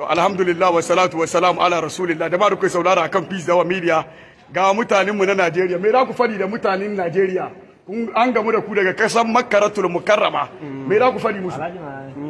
To alhamdulillah wa salatu wa salam ala rasulillah da ba da kai saurara akan Peace da Media ga mutanenmu na Najeriya me za ku fadi da mutanen Najeriya an gamu da ku daga kasan makkaratul mukarrama me za ku fadi musu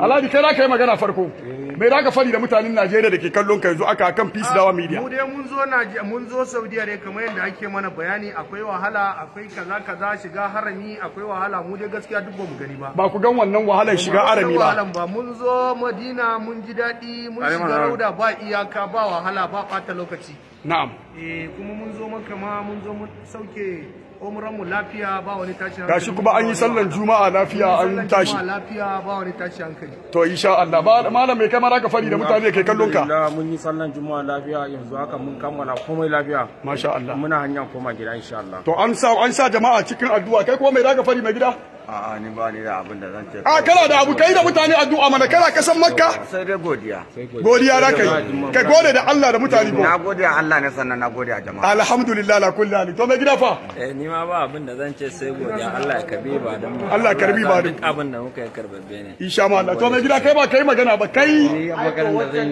Alhaji kai za kai yi magana farko eh, mai za ka fari da mutanen Najeriya da ke kallon ka yanzu aka kan Peace Dawa Media mu dai mun zo mun zo Saudi Arabia kamar yadda ake mana bayani akwai wahala akwai kaza kaza shiga harami akwai wahala mu dai gaskiya duk mu gani ba ba ku gan wannan wahalar shiga harami ba ba mun zo Madina mun ji daɗi mun shiga rauda ba iyaka ba wahala ba ɓata lokaci na'am eh kuma mun zo maka ma mun zo mun sauke umran mu lafiya ba wani tashi hankali gashi kuma an yi sallan juma'a lafiya an tashi lafiya ba wani tashi hankali to insha Allah malam mai kamar ka fari da mutane kai kallon ka alhamdulillah mun yi sallan juma'a lafiya yanzu haka mun kammala komai lafiya masha Allah muna hanyar koma gida insha Allah to an sa an sa jama'a cikin addu'a kai kuma mai raka fari mai gida a'a ni ba ni da abin da zan ce a kana da abu kai da mutane addu'a mana kana kasan makka sai dai godiya godiya da kai ka gode da Allah da mutane ko na gode a Allah ne sannan na gode a jama'a alhamdulillah la kulli hali to me gida fa eh ni ma ba abin da zan ce sai godiya Allah ya karbi ba da mu Allah karbi ba mu. abin da muka yi karbabbe ne insha Allah to me gida kai ba kai magana ba kai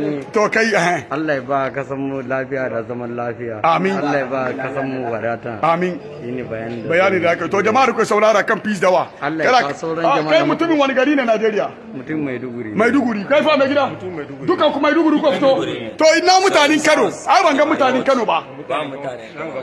ni to kai eh Allah ya ba kasan mu lafiya da zaman lafiya amin Allah ya ba kasan mu wadata amin shine bayani bayani da kai to jama'a ku saurara kan peace dawa Allah ya sauran ah, jama'a kai mutumin wani gari ne Najeriya mutum Maiduguri Maiduguri kai fa mai gida mutum Maiduguri Duka ku Maiduguri ko fito to ina mutanen Kano ai ban ga mutanen Kano ba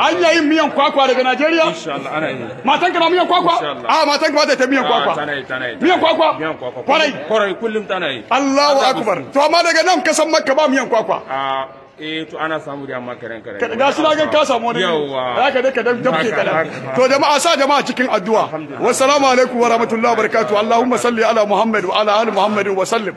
an yi miyan kwakwa daga Najeriya insha Allah ana yi matan kana miyan kwakwa a matan ka ta ah, miyan kwakwa miyan kwakwa kwarai kwarai kullum tana yi Allahu akbar to amma daga nan ka san Makka ba miyan kwakwa ah, eh to ana samu da amma karen karen ga shi na ka samu wani yawa haka dai ka ke kana to jama'a sa jama'a cikin addu'a wassalamu alaikum wa rahmatullahi wa barakatuh allahumma salli ala muhammad wa ala ali muhammad wa sallim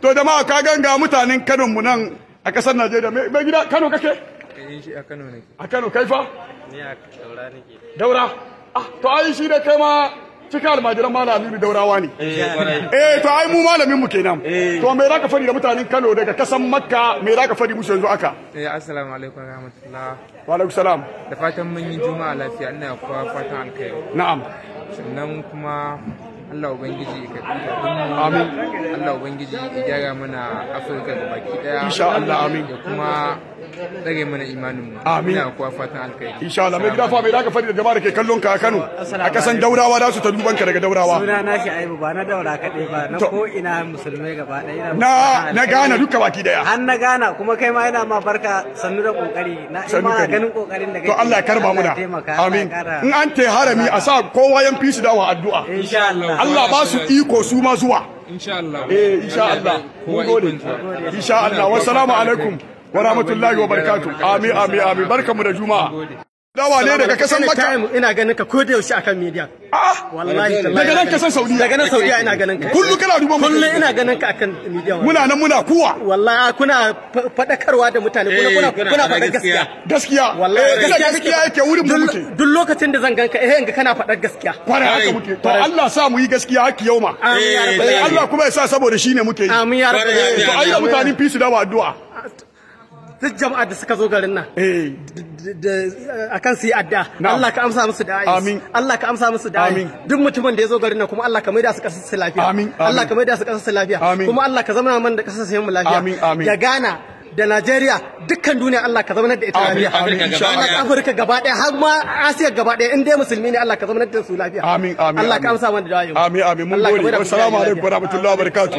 to jama'a ka ganga mutanen Kano mu nan a kasar Najeriya me gida Kano kake eh, a Kano ne a Kano kai fa ni a daura nake daura ah to ai shi da kai ma cika almajiran malami Aminu Daurawa ne eh, eh to ai mu malamin mu kenan eh. to me zaka fari da mutanen Kano daga kasan Makka me zaka fari musu yanzu aka eh assalamu alaikum rahmatullah wa alaikum salam da fatan mun yi juma'a lafiya ya kuwa fatan alkai na'am sannan kuma Allah ubangiji ka amin Allah ubangiji ya gyara mana Afirka ga baki daya insha Allah amin da kuma dage mana imanin mu amin ina kuwa fatan alkhairi insha Allah mai gida fa mai daga ka da jama'a da ke kallon ka a Kano a kasan Daurawa za su ta duban ka daga Daurawa suna na shi Aibu ba na Daura kaɗai ba na ko ina musulmai gaba daya na na gana duka baki daya har na gana kuma kai ma ina ma barka sannu da kokari na ina ganin kokarin da kai to Allah ya karba muna. amin in an te harami a sa kowa yan fi su dawa addu'a insha Allah Allah ba su iko su ma zuwa insha Allah eh insha Allah mun gode insha Allah salamu alaikum wa rahmatullahi wa barakatuh amin amin amin barkamu da juma'a dawa ne daga kasan maka ina ganin ka koda yaushe akan media a'a ah! wallahi daga nan kasan saudiya daga nan saudiya ina ganin ka kullu kana duban mu kullu ina ganin ka akan media muna nan muna kuwa wallahi ah, kuna fadakarwa da mutane kuna eh, kuna kuna fadar gaskiya gaskiya wallahi eh, gaskiya gaskiya yake wurin mu muke duk lokacin da zan ganka eh in ga kana fadar gaskiya fara haka muke to Allah sa mu yi gaskiya haki yauma amin ya rabbi eh, Allah kuma ya sa saboda shine muke yi amin ya rabbi to ayyuka mutanen fi su dawa addu'a duk jama'a da suka zo garin nan eh Eh, akan su yi adda Allah ka amsa musu da amin Allah ka amsa musu da amin duk mutumin da ya zo garin nan kuma Allah ka maida su kasar su lafiya amin Allah ka maida su kasar su lafiya kuma Allah ka zama man da kasar su mu lafiya amin amin da Ghana da Najeriya dukkan duniya Allah ka zaunar da ita lafiya amin Afirka gaba daya har ma Asiya gaba daya in dai musulmi ne Allah ka zaunar da su lafiya amin amin Allah ka amsa man da amin amin mun gode assalamu alaikum wa barakatuh